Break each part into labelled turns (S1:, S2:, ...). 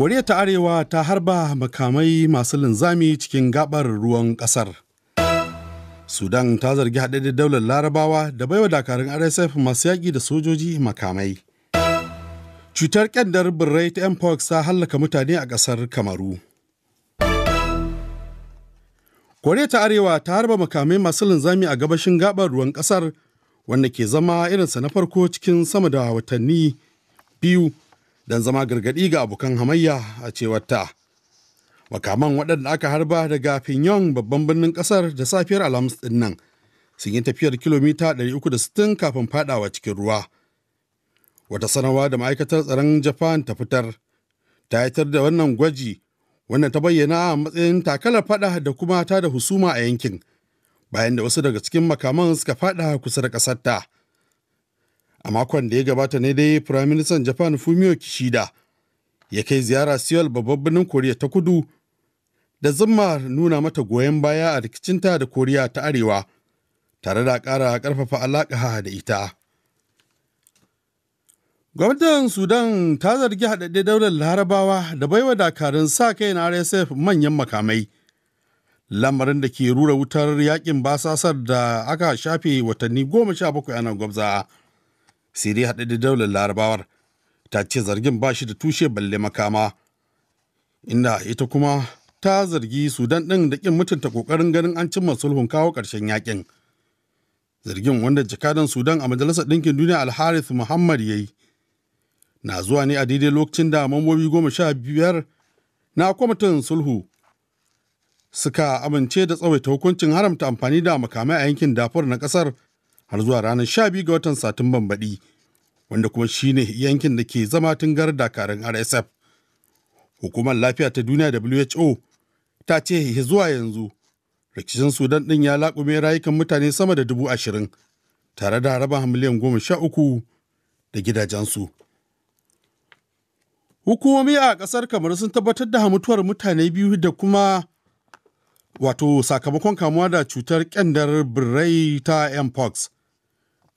S1: koriya ta arewa ta harba makamai masu linzami cikin gabar ruwan kasar sudan ta zargi da daular larabawa da baiwa dakarun rsf masu yaƙi da sojoji makamai cutar ƙyandar birrai ta mpox ta hallaka mutane a ƙasar kamaru koriya ta arewa ta harba makamai masu linzami a gabashin gabar ruwan ƙasar wanda ke zama irinsa na farko cikin sama da watanni biyu don zama gargaɗi ga abokan hamayya a cewar ta. Makaman waɗanda aka harba daga pinyon babban birnin ƙasar da safiyar Alhamis ɗin nan sun yi tafiyar kilomita 360 kafin fadawa cikin ruwa. Wata sanarwa da ma'aikatar tsaron Japan ta fitar ta haitar da wannan gwaji wanda ta bayyana a matsayin takalar faɗa da kuma ta da husuma a yankin bayan da wasu daga cikin makaman suka faɗa kusa da ƙasar ta. a makon da ya gabata ne dai prime minister japan fumio kishida ya kai ziyara seoul babban birnin koriya ta kudu da zuma nuna mata goyon baya a rikicinta da koriya ta arewa tare da kara ƙarfafa alaƙa da ita gwamnatin sudan ta zargi haɗaɗɗe daular larabawa da baiwa dakarun sa kai na rsf manyan makamai lamarin da ke rura wutar yakin basasar da aka shafe watanni goma sha bakwai ana gwamza. siri haɗe da daular larabawar ta ce zargin ba shi da tushe balle makama inda ita kuma ta zargi sudan ɗin da ƙin mutunta ƙoƙarin ganin an cimma sulhun kawo ƙarshen yakin zargin wanda jakadan sudan a majalisar ɗinkin duniya alharis muhammad ya yi na zuwa ne a daidai lokacin da mambobi goma sha biyar na kwamitin sulhu suka amince da tsawaita hukuncin haramta amfani da makamai a yankin dafur na ƙasar har zuwa ranar 12 ga watan Satumban baɗi, wanda kuma shi ne yankin da ke zama tungar dakarun RSF. Hukumar Lafiya ta Duniya WHO ta ce zuwa yanzu rikicin Sudan ɗin ya laƙume rayukan mutane sama da dubu ashirin tare da haraba miliyan goma sha uku da gidajensu. Hukumomi a ƙasar kamar sun tabbatar da mutuwar mutane biyu da kuma wato sakamakon kamuwa da cutar kyandar birrai ta mpox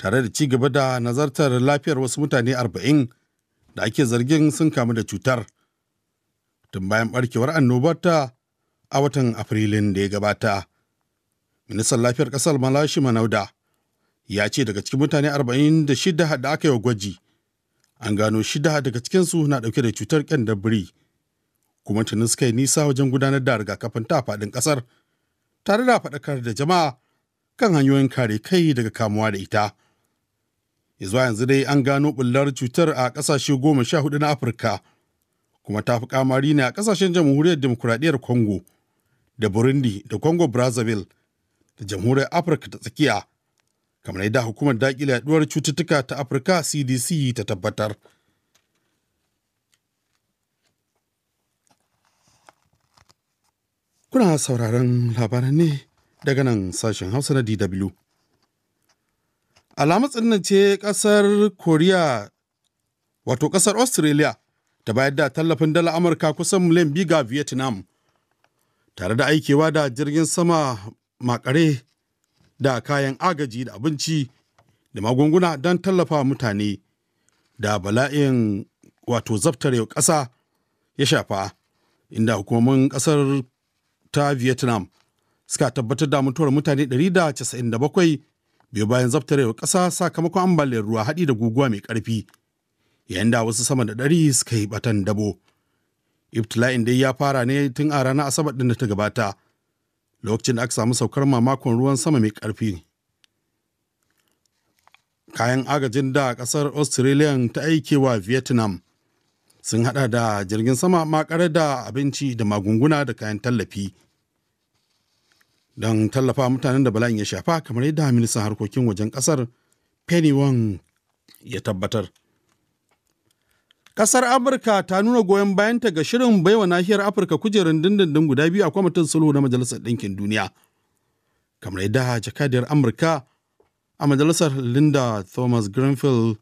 S1: tare da ci gaba da nazartar lafiyar wasu mutane 40 da ake zargin sun kamu da cutar tun bayan barkewar annobar ta a watan afrilun da ya gabata ministan lafiyar kasar malashi manauda ya ce daga cikin mutane 46 da aka yi wa gwaji an gano shida daga cikinsu na dauke da cutar kyandabiri kuma tuni suka yi nisa wajen gudanar da rigakafin ta faɗin ƙasar tare da faɗakar da jama'a kan hanyoyin kare kai daga kamuwa da ita zuwa yanzu dai an gano bullar cutar a ƙasashe goma sha hudu na afirka kuma ta fi kamari ne a ƙasashen jamhuriyar demokuraɗiyyar congo da burundi da congo brazzaville da jamhuriyar afirka ta tsakiya kamar yadda hukumar daƙile yaduwar cututtuka ta afirka cdc ta tabbatar kuna sauraron labaran ne daga nan sashen hausa na dw alamar tsanance kasar Koriya, wato kasar australia ta bayar da tallafin dala amurka kusan miliyan biyu ga vietnam tare da aikewa da jirgin sama makare da kayan agaji da abinci da magunguna don tallafa mutane da bala'in wato zaftar yau ƙasa ya shafa inda hukumomin ƙasar ta vietnam suka tabbatar da mutuwar mutane 197 biyo bayan yau ƙasa sakamakon ambaliyar ruwa haɗi da guguwa mai ƙarfi yayin da wasu sama da ɗari suka yi batan dabo ibtila'in dai ya fara ne tun a ranar asabar ɗin da ta gabata lokacin da aka samu saukar mamakon ruwan sama mai ƙarfi kayan agajin da ƙasar australia ta aike wa vietnam sun haɗa da jirgin sama makarar da abinci da magunguna da kayan tallafi don tallafa mutanen da bala'in ya shafa kamar yadda ministan harkokin wajen kasar penny wong ya tabbatar kasar amurka ta nuna goyon bayanta ga shirin baiwa nahiyar afirka kujerun dindindin guda biyu a kwamitin sulhu na majalisar ɗinkin duniya kamar yadda jakadiyar amurka a majalisar linda thomas greenfield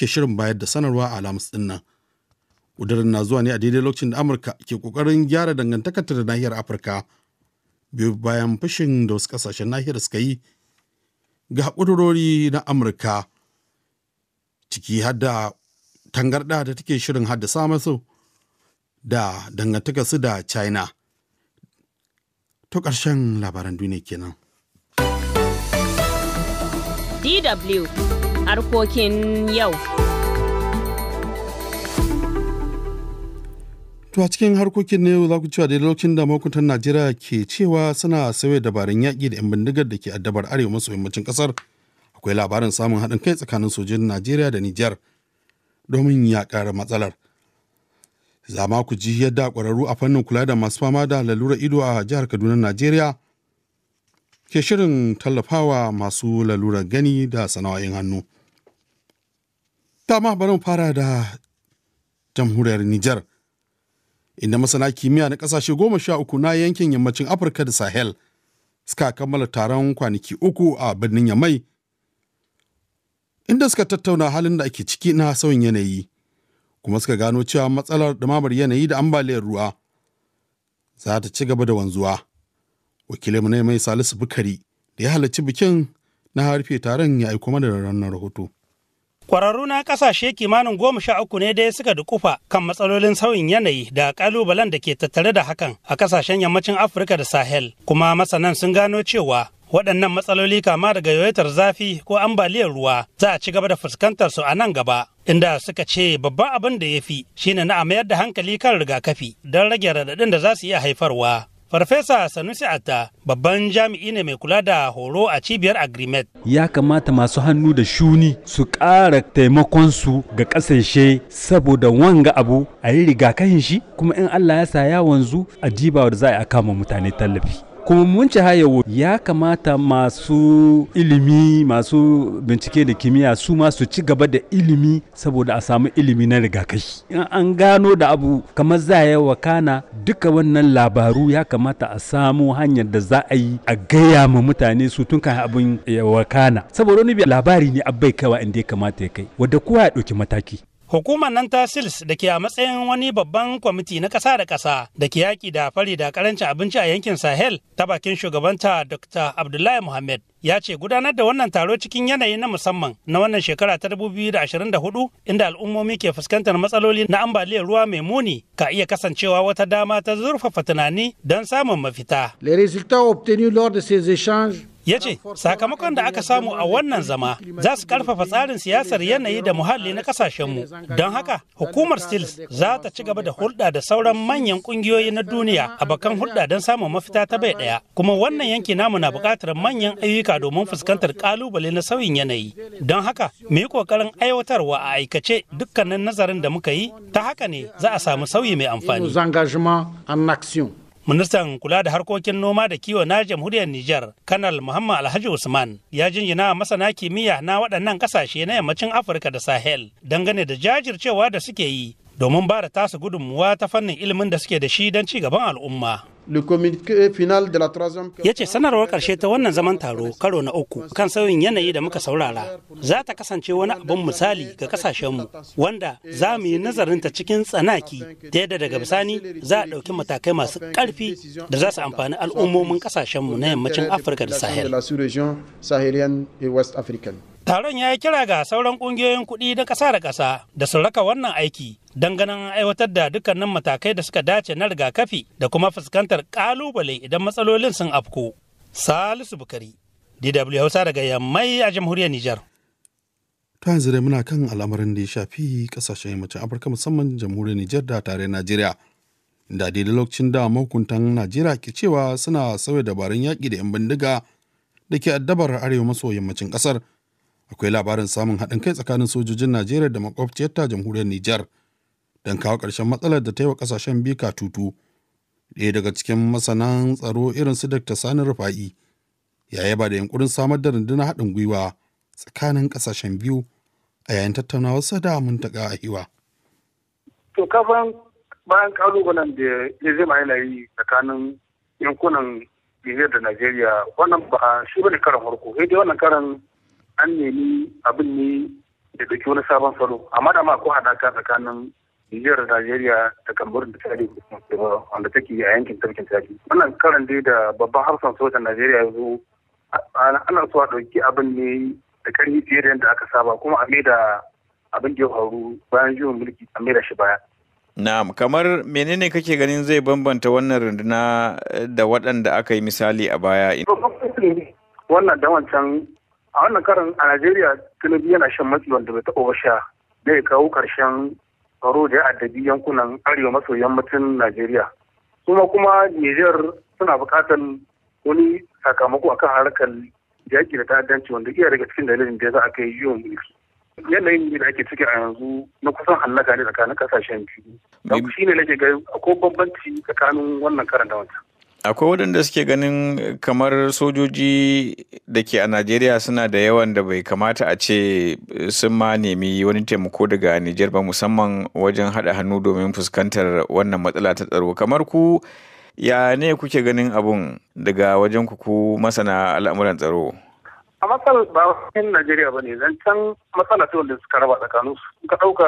S1: ke shirin bayar da sanarwa a alamus ɗin nan ƙudurin na zuwa ne a daidai lokacin da amurka ke ƙoƙarin gyara dangantakarta da nahiyar afirka biyu bayan fushin da wasu kasashen nahiyar suka yi ga ƙudurori na amurka ciki har da tangarɗa da take shirin haddasa samasu da dangantaka su da china to ƙarshen labaran duniya kenan
S2: dw harkokin yau
S1: To a cikin harkokin na yau za ku cewa da lokacin da mahukuntan Najeriya ke cewa suna sauya dabarun yaƙi da 'yan bindigar da ke addabar arewa maso yammacin ƙasar akwai labarin samun haɗin kai tsakanin sojojin Najeriya da Nijar domin yaƙar matsalar. Za ma ku ji yadda ƙwararru a fannin kula da masu fama da lalurar ido a jihar Kaduna Najeriya ke shirin tallafawa masu lalurar gani da sana'o'in hannu. Dama bari mu fara da jamhuriyar Nijar. inda masana kimiyya na ƙasashe goma sha uku na yankin yammacin afirka da sahel suka kammala taron kwanaki uku a birnin yamai inda suka tattauna halin da ake ciki na sauyin yanayi kuma suka gano cewa matsalar ɗumamar yanayi da ambaliyar ruwa za ta ci gaba da wanzuwa wakilinmu na mai salisu bukari da ya halarci bikin na harfe taron ya aiko mana da ranar rahoto. Kwararru na kasashe kimanin goma sha uku ne dai suka dukufa kan
S2: matsalolin sauyin yanayi da kalubalen da ke tattare da hakan a kasashen yammacin Afirka da Sahel. Kuma masanan sun gano cewa waɗannan matsaloli kama daga yawaitar zafi ko ambaliyar ruwa za a ci gaba da fuskantar su a nan gaba inda suka ce babban abin da ya fi shine na a mayar da hankali kan rigakafi don rage raɗaɗin da za su iya haifarwa. Farfesa Sanusi Atta babban jami'i ne mai kula da horo a cibiyar Agrimet. Ya kamata masu hannu da shuni su ƙara su ga ƙasashe saboda wanga abu a yi rigakafin shi kuma in Allah ya sa ya wanzu a jiba da za a kama mutane tallafi. kuma mun ci hayawo ya kamata masu ilimi masu bincike da kimiyya su ma su ci gaba da ilimi saboda a samu ilimi na rigakafi in an gano da abu kamar za ya wakana duka wannan labaru ya kamata a samu hanyar da za a yi a gaya ma mutane su tun kan abin ya wakana saboda wani labari ne abai kawai inda ya kamata ya kai wadda kowa ya ɗauki mataki Hukumar nan ta SILS da ke a matsayin wani babban kwamiti na ƙasa da ƙasa da ke yaƙi da fari da ƙarancin abinci a yankin Sahel ta bakin shugabanta Dr. Abdullahi Muhammad ya ce gudanar da wannan taro cikin yanayi na musamman na wannan shekara ta 2024 inda al'ummomi ke fuskantar matsaloli na ambaliyar ruwa mai muni ka iya kasancewa wata dama ta zurfafa tunani don samun mafita. Les résultats obtenus lors de ces échanges ya ce sakamakon da aka samu a wannan zama za su karfafa tsarin siyasar yanayi da muhalli na kasashenmu don haka hukumar Stills za ta ci gaba da hulɗa da sauran manyan ƙungiyoyi na duniya a bakan hulɗa don samun mafita ta bai ɗaya kuma wannan yanki namu na buƙatar manyan ayyuka domin fuskantar ƙalubale na sauyin yanayi don haka mu yi ƙoƙarin aiwatarwa a aikace dukkanin nazarin da muka yi ta haka ne za a samu sauyi mai amfani. Ministan kula da harkokin noma da kiwo na jamhuriyar Nijar, Kanal Muhammad Alhaji Usman, ya jinjina masana kimiyya na waɗannan ƙasashe na yammacin Afirka da Sahel dangane da jajircewa da suke yi domin ba da tasa gudunmuwa ta fannin ilimin da suke da shi don ci gaban al'umma. ya ce sanarwar ƙarshe ta wannan zaman taro karo na uku kan sauyin yanayi da muka saurara za ta kasance wani abin misali ga ƙasashenmu wanda za mu yi nazarin ta cikin tsanaki ta yadda daga bisani za a ɗauki matakai masu ƙarfi da za su amfani al'ummomin kasashenmu na yammacin afirka da sahel Taron ya yi kira ga sauran kungiyoyin kuɗi na kasa da kasa da su raka wannan aiki don ganin aiwatar da dukkanin matakai da suka dace na rigakafi da kuma fuskantar ƙalubale idan matsalolin sun afko. Salisu Bukari, DW Hausa daga Yammai a Jamhuriyar Nijar.
S1: Ta yanzu dai muna kan al'amarin da ya shafi kasashen yammacin Afirka musamman Jamhuriyar Nijar da tare Najeriya. Da daidai lokacin da mahukuntan Najeriya ke cewa suna sauya dabarun yaƙi da 'yan bindiga da ke addabar arewa maso yammacin kasar. akwai labarin samun haɗin kai tsakanin sojojin najeriya da ta jamhuriyar nijar don kawo ƙarshen matsalar da ta yi wa ƙasashen biyu katutu ɗaya daga cikin masanan tsaro irin su dr sani rufa'i ya yaba da yankurin samar da rundunar haɗin gwiwa tsakanin ƙasashen biyu a yayin tattaunawarsa da muntaka a hiwa.
S3: to kafin bayan kalubalen da ya zama yana yi tsakanin yankunan Nijar da Najeriya wannan ba shi bane karan farko sai dai wannan karan an nemi abin ne da dauki wani sabon salo amma da ma ko hadaka tsakanin Nijiyar da Najeriya da Kamaru da Chadi wanda take a yankin tafkin Chadi wannan karan dai da babban harsan sojan Najeriya ya zo ana so a dauki abin ne da karni fiye da yadda aka saba kuma a da abin da ya faru bayan juyin mulki a da shi baya
S4: Na'am, kamar menene kake ganin zai bambanta wannan runduna eh, da waɗanda aka yi misali a baya?
S3: Wannan da wancan a wannan karin a najeriya tunubi yana shan matsi wanda bai taɓa sha zai kawo ƙarshen tsaro da ya addabi yankunan arewa maso yammacin najeriya kuma kuma niger suna buƙatar wani sakamako akan harkar yaƙi da ta'addanci wanda iya daga cikin dalilin da ya za a kai yiwon mulki yanayin da ake ciki a yanzu na kusan hallaka ne tsakanin kasashen biyu. Shi ne nake ga ko bambanci tsakanin wannan karan da wancan.
S4: Akwai waɗanda suke ganin kamar sojoji da ke a Najeriya suna da yawan da bai kamata a ce sun ma nemi wani taimako daga niger ba musamman wajen haɗa hannu domin fuskantar wannan matsala ta tsaro. Kamar ku ya ne kuke ganin abun daga wajen ku masana al'amuran tsaro?
S3: A matsal ba cikin Najeriya ba ne, zancen matsala ta wanda suka raba tsakanin su Ka ɗauka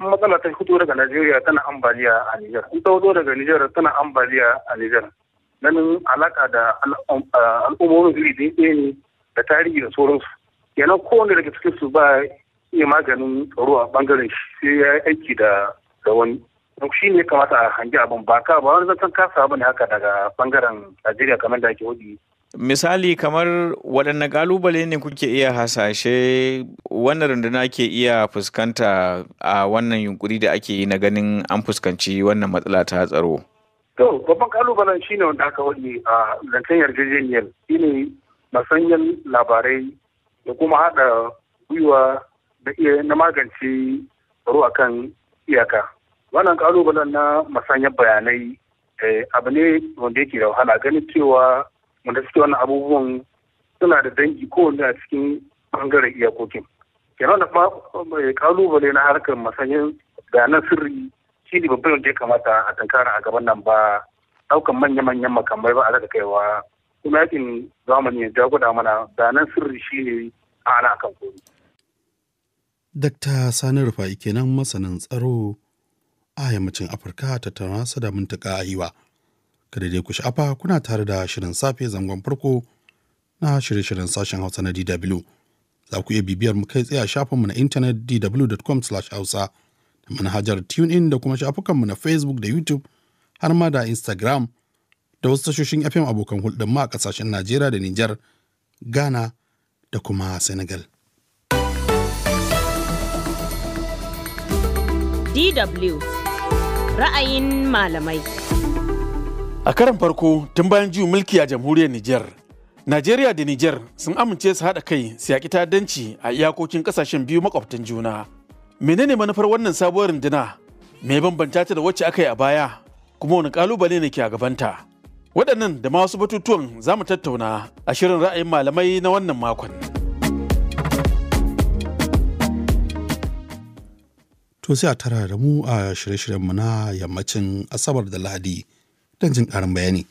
S3: matsala ta fito daga Najeriya tana ambaliya a Nijar. In ta fito daga Nijar tana ambaliya a Nijar. ganin alaka da al'ummomin iri ɗaya ne da tarihi da sauransu yana kowane daga cikin su ba iya maganin tsaro a bangaren shi sai ya yi aiki da da wani shi ne kamata a hangi abin ba ka ba wani zaton kasa abu ne haka daga bangaren Najeriya kamar da ake wadi
S4: misali kamar waɗanne ƙalubale ne kuke iya hasashe wannan runduna ke iya fuskanta a wannan yunkuri da ake yi na ganin an fuskanci wannan matsala ta tsaro
S3: To, babban kalubalen shi ne wanda aka wani a zancen yarjejeniyar shi ne masanyan labarai da kuma haɗa gwiwa da iya na magance tsaro a kan iyaka. Wannan kalubalen na masanyan bayanai eh, abu ne wanda yake da wahala ganin cewa wanda suke wannan abubuwan suna da dangi wani a cikin bangaren iyakokin. Kenan da eh, kalubale na harkar masanyan bayanan sirri shi ne babban wanda ya kamata a tankara a gaban nan ba daukan manya-manyan makamai ba a daga kaiwa kuma yakin zamani ya jagoda mana danan sirri shi ne a ana akan kori.
S1: Dakta Sani Rufa'i kenan masanin tsaro a yammacin Afirka ta tarasa da mintaka ayiwa Kada dai ku sha'afa kuna tare da shirin safe zangon farko na shirye-shiryen sashen Hausa na DW. Za ku iya bibiyar mu kai tsaye a shafinmu na intanet dw.com/hausa. da manhajar TuneIn da kuma shafukanmu na Facebook da YouTube har ma da Instagram da wasu tashoshin FM abokan hulɗar ma a ƙasashen Najeriya da Nijar, Ghana da kuma Senegal.
S2: DW Ra'ayin malamai
S1: A karan farko tun bayan juyin mulki a jamhuriyar Nijar, Najeriya da Nijar sun amince su haɗa kai su yaƙi ta'addanci a iyakokin ƙasashen biyu makwabtan juna. menene manufar wannan sabuwar runduna mai bambanta ta da wacce aka yi a baya kuma wani kalubale ne ke a gabanta waɗannan da ma wasu batutuwan za mu tattauna a shirin ra'ayin malamai na wannan makon to sai a tara da mu a shirye-shiryenmu na yammacin asabar da lahadi don jin ƙarin bayani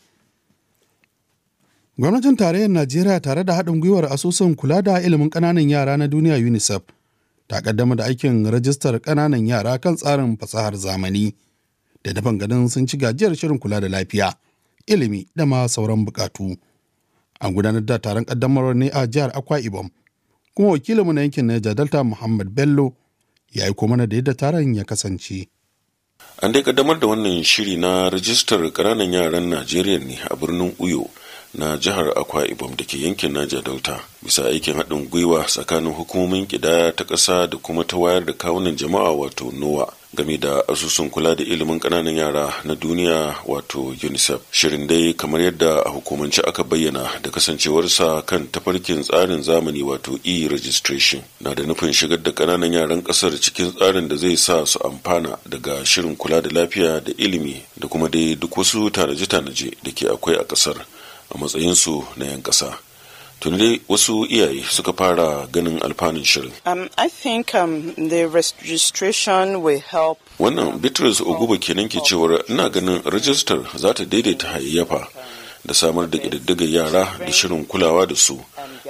S1: gwamnatin tarayyar najeriya tare da haɗin gwiwar asusun kula da ilimin ƙananan yara na duniya unicef ta kaddama da aikin rajistar ƙananan yara kan tsarin fasahar zamani da dafan ganin sun ci gajiyar shirin kula da lafiya ilimi da ma sauran bukatu an gudanar da taron ƙaddamarwar ne a jihar akwa ibom kuma wakilinmu na yankin na jadalta Muhammad Bello ya aiko mana da yadda taron ya kasance.
S5: An dai kaddamar da wannan shiri na rajistar ƙananan yaran Najeriya ne a birnin Uyo na jihar akwa ibom da ke yankin naja delta bisa aikin haɗin gwiwa tsakanin hukumomin ƙidaya ta ƙasa da kuma ta wayar da kawunan jama'a wato nowa game da asusun kula da ilimin ƙananan yara na duniya wato unicef shirin dai kamar yadda a hukumance aka bayyana da kasancewarsa kan tafarkin tsarin zamani wato e-registration na da nufin shigar da ƙananan yaran ƙasar cikin tsarin da zai sa su amfana daga shirin kula da lafiya da ilimi da kuma dai duk wasu tanaje-tanaje da ke akwai a ƙasar a matsayinsu na 'yan ƙasa. tuni dai wasu iyaye suka fara ganin alfanun shirin.
S2: Um, I think um, the registration will help.
S5: Wannan Bitrus Oguba kenan ke cewar ina ganin rajistar za ta daidaita hayayyafa da samar da ƙididdigar yara da shirin kulawa da su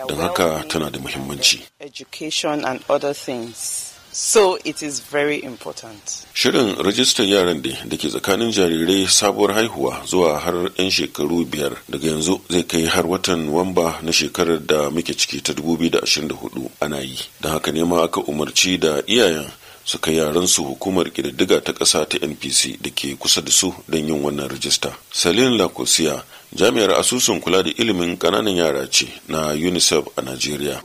S5: don haka tana da muhimmanci.
S2: Education and other things. So it is very important.
S5: Shirin rajistar yaran da da ke tsakanin jarirai sabuwar haihuwa zuwa har 'yan shekaru biyar daga yanzu zai kai har watan Nuwamba na shekarar da muke ciki ta 2024 ana yi. Don haka ne ma aka umarci da iyayen su kai su hukumar kididdiga ta ƙasa ta npc da ke kusa da su don yin wannan rajista salin lakosiya jami'ar asusun kula da ilimin ƙananan yara ce na unicef a nigeria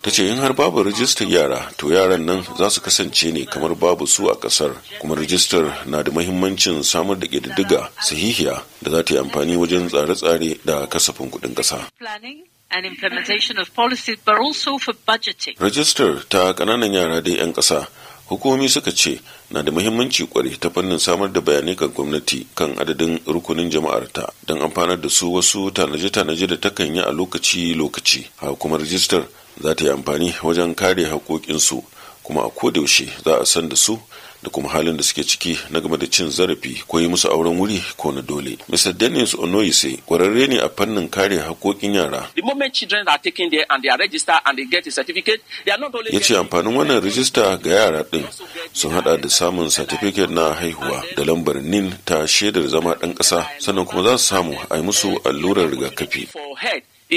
S5: ta ce in har babu rajistar yara to yaran nan za su kasance ne kamar babu su a ƙasar kuma rajistar na da mahimmancin samar da ƙididdiga sahihiya da za ta yi amfani wajen tsare-tsare da kasafin kuɗin ƙasa
S3: and implementation of policies but also for budgeting.
S5: Rajistar ta ƙananan yara dai 'yan ƙasa hukumomi suka ce na da muhimmanci kwari ta fannin samar da bayanai ga gwamnati kan adadin rukunin jama'ar ta don amfanar da su wasu tanaje-tanaje da takan yi a lokaci-lokaci a kuma rajistar za ta yi amfani wajen kare haƙoƙinsu kuma a kodaushe za a san da su da kuma halin da suke ciki na game da cin zarafi ko yi musu auren wuri ko na dole. Mr. Dennis onoise kwararre ne a fannin kare haƙoƙin yara.
S4: The children are Ya ce
S5: amfanin wannan rijista ga yara ɗin sun hada da samun satifiket na haihuwa da lambar NIN ta shaidar zama ɗan ƙasa sannan kuma za su samu a yi musu allurar rigakafi.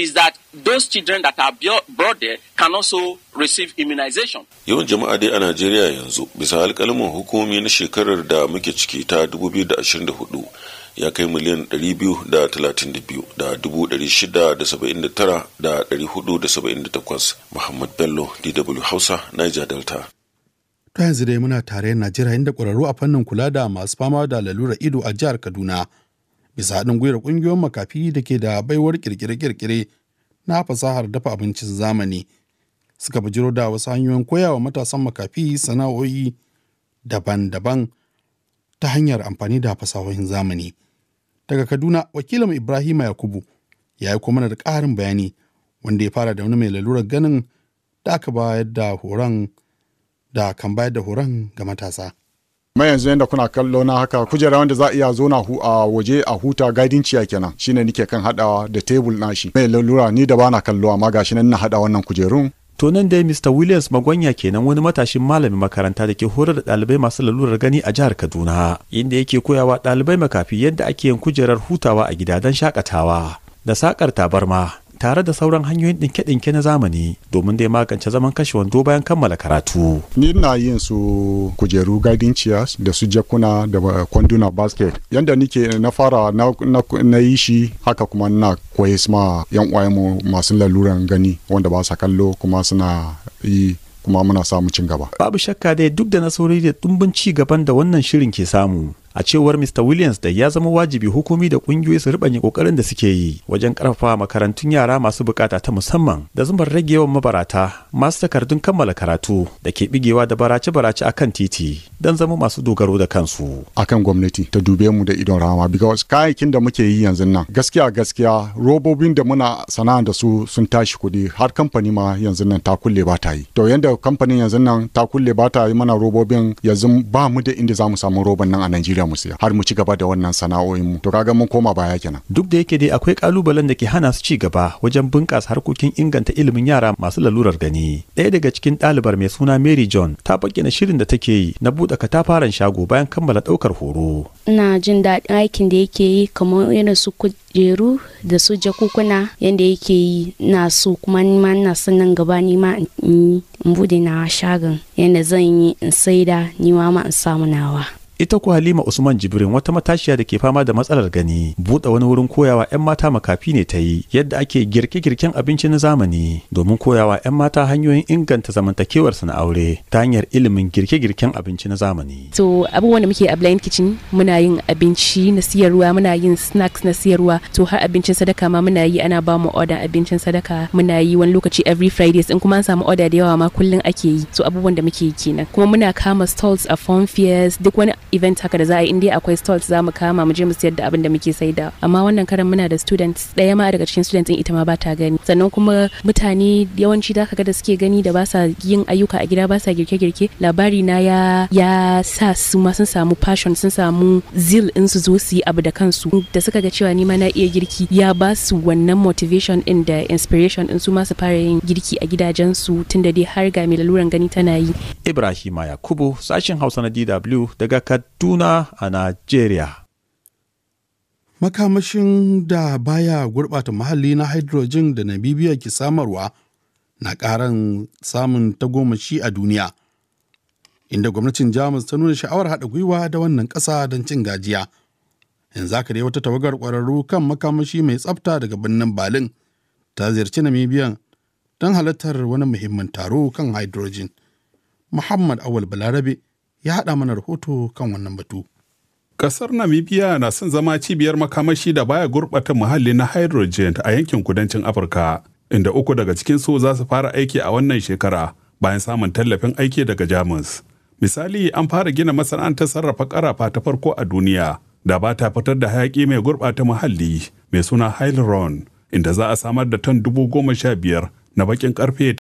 S4: is that those children that are brought there can also receive immunization.
S5: Yawan jama'a dai a Najeriya yanzu bisa alƙalmin hukumomi na shekarar da muke ciki ta 2024 ya kai miliyan 232,679,478 Muhammad Bello DW Hausa Niger Delta.
S1: Ta yanzu dai muna tare Najeriya inda ƙwararru a fannin kula da masu fama da lalurar ido a jihar Kaduna bisa haɗin gwiwar ƙungiyoyin makafi da ke da baiwar ƙirƙire-ƙirƙire na fasahar dafa abincin zamani suka bijiro da wasu hanyoyin koyawa matasan makafi sana'o'i daban-daban ta hanyar amfani da fasahohin zamani daga kaduna wakilin ibrahima yakubu ya yi kuma da ƙarin bayani wanda ya fara da wani mai lalurar ganin da aka bayar da horon da kan bayar da horon ga
S3: matasa mai yanzu yadda kuna kallo na haka kujera wanda za a iya zo na a waje a huta gaidin ciya kenan shine nike kan hadawa da tebul nashi mai lalura ni da bana kallo amma gashi nan na hada wannan kujerun to nan dai Mr. Williams
S4: Magwanya kenan wani matashin malamin makaranta da ke horar da dalibai masu lalurar gani a jihar Kaduna inda yake koyawa dalibai makafi yadda ake yin kujerar hutawa a gida don shakatawa da sakar tabarma tare da sauran hanyoyin ɗinke-ɗinke na zamani domin dai magance zaman kashe wando bayan kammala karatu.
S3: Ni na yin su kujeru guiding chairs da su jakuna da kwanduna basket. Yanda nike na fara na, yi shi haka kuma na koyi ma yan uwayenmu masu laluran gani wanda ba sa kallo kuma suna yi kuma muna samu cin gaba. Babu shakka dai duk
S4: da nasarori da ɗumbin ci gaban da wannan shirin ke samu. a cewar mr williams da ya zama wajibi hukumi da kungiyoyi su ribanye kokarin da suke yi wajen karfafa makarantun yara masu bukata ta musamman da zumar rage yawan mabarata masu takardun kammala karatu da ke bigewa da barace-barace
S3: akan titi dan zama masu dogaro da kansu akan gwamnati ta dube mu da idon rama because kayayyakin da muke yi yanzu nan gaskiya gaskiya robobin da muna sana'a da su sun tashi kuɗi har kamfani ma yanzu nan ta kulle ba ta yi to yanda kamfanin yanzu nan ta kulle ba ta yi mana robobin yanzu ba mu da inda za mu samu roban nan a Najeriya mu siya har mu ci gaba da wannan sana'o'in mu to kaga mun koma baya kenan
S4: duk da yake dai akwai kalubalen da ke hana su ci gaba wajen bunƙasa harkokin inganta ilimin yara masu lalurar gani ɗaya daga cikin ɗalibar mai suna Mary John ta bayyana shirin da take yi na buɗe katafaren shago bayan kammala ɗaukar horo
S2: ina jin daɗin aikin da yake yi kamar irin su jeru da su jakukuna yadda yake yi na su kuma nima na nan gaba nima in bude na shagon yadda zan yi in saida nima ma in samu nawa
S4: ita ko halima usman jibrin wata matashiya da ke fama da matsalar gani buɗe wani wurin koyawa 'yan mata makafi ne ta yi yadda ake girke-girken abinci na zamani domin koyawa 'yan mata hanyoyin inganta zamantakewarsu na aure ta hanyar ilimin girke-girken abinci na zamani
S2: so abubuwan da muke a blind kitchen muna yin abinci na siyarwa muna yin snacks na siyarwa to har abincin sadaka ma muna yi ana ba mu order abincin sadaka muna yi wani lokaci every fridays in kuma an samu order da yawa ma kullum ake yi so abubuwan da muke yi kenan kuma muna kama stalls a fun fairs duk wani event haka da za a yi inda akwai stalls za mu kama mu je mu sayar da abin da muke saida amma wannan karan muna da students ɗaya ma daga cikin students din ita ma ba ta gani sannan kuma mutane yawanci da kaga da suke gani da ba sa yin ayyuka a gida ba sa girke-girke labari na ya ya sa su ma sun samu passion sun samu zeal in su zo su yi abu da kansu da suka ga cewa ni ma na iya girki ya ba su wannan motivation in da inspiration in su ma su fara yin girki a gidajen su tunda dai har ga mai laluran gani tana yi
S4: ibrahim Yakubu sashin Hausa na DW daga Kad Kaduna a Najeriya.
S1: Makamashin da baya gurɓata muhalli na hydrogen da Namibia ke samarwa na ƙaran samun tagomashi a duniya. Inda gwamnatin Jamus ta nuna sha'awar haɗa gwiwa da wannan ƙasa don cin gajiya. Yanzu ka dai wata tawagar ƙwararru kan makamashi mai tsafta daga birnin Balin ta ziyarci Namibia don halartar wani muhimmin taro kan hydrogen. Muhammad Awal Balarabe ya haɗa mana rahoto kan wannan batu. Kasar Namibia na son zama cibiyar makamashi da baya gurɓata muhalli na hydrogen a yankin kudancin Afirka, inda uku daga cikin su za su fara aiki a wannan shekara bayan samun tallafin aiki daga Jamus. Misali an fara gina masana'antar sarrafa ƙarafa ta farko a duniya da ba ta fitar da hayaƙi
S5: mai gurɓata muhalli mai suna Hyaluron, inda za a samar da ton dubu goma sha biyar na baƙin ƙarfe